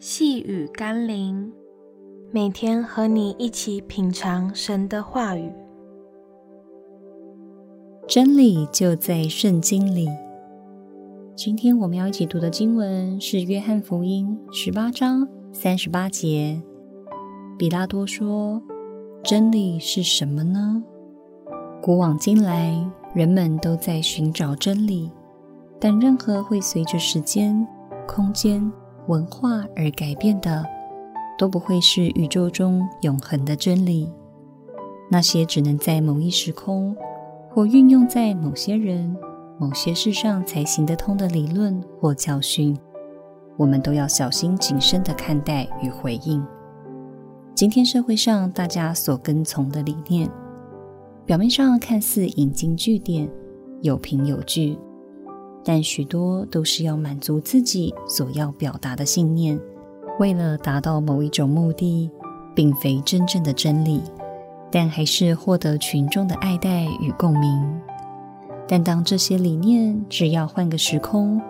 細語甘霖，每天和你一起品嘗神的話語，真理就在聖經裡。今天我們要一起讀的經文是《約翰福音》十八章三十八節。彼拉多說：“真理是什麼呢？”古往今來，人們都在尋找真理，但任何會隨着時間、空間、文化而改變的，都不會是宇宙中永恆的真理。那些只能在某一時空或運用在某些人、某些事上才行得通的理論或教訓，我們都要小心謹慎地看待與回應。今天社會上大家所跟從的理念，表面上看似引經據典、有憑有據。但許多都是要滿足自己所要表達的信念，為了達到某一種目的，並非真正的真理，但還是獲得群眾的愛戴與共鳴。但當這些理念只要換個時空、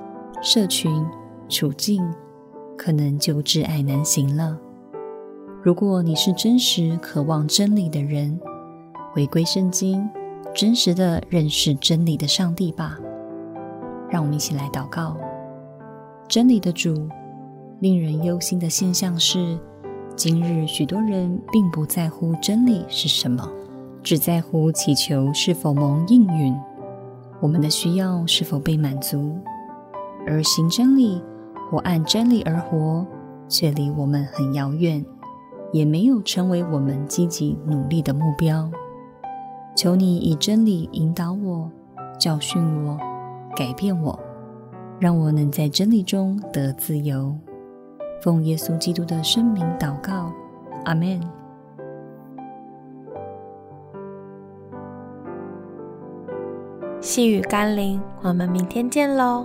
社群、處境，可能就窒礙難行了。如果你是真實渴望真理的人，回歸聖經，真實地認識真理的上帝吧。讓我們一起來禱告。真理的主，令人憂心的現象是，今日許多人並不在乎真理是什麼，只在乎祈求是否蒙應允，我們的需要是否被滿足，而行真理或按真理而活，卻離我們很遙遠，也沒有成為我們積極努力的目標。求你以真理引導我，教訓我。改變我，讓我能在真理中得自由。奉耶穌基督的聖名禱告，阿門。細語甘霖，我們明天見嘍。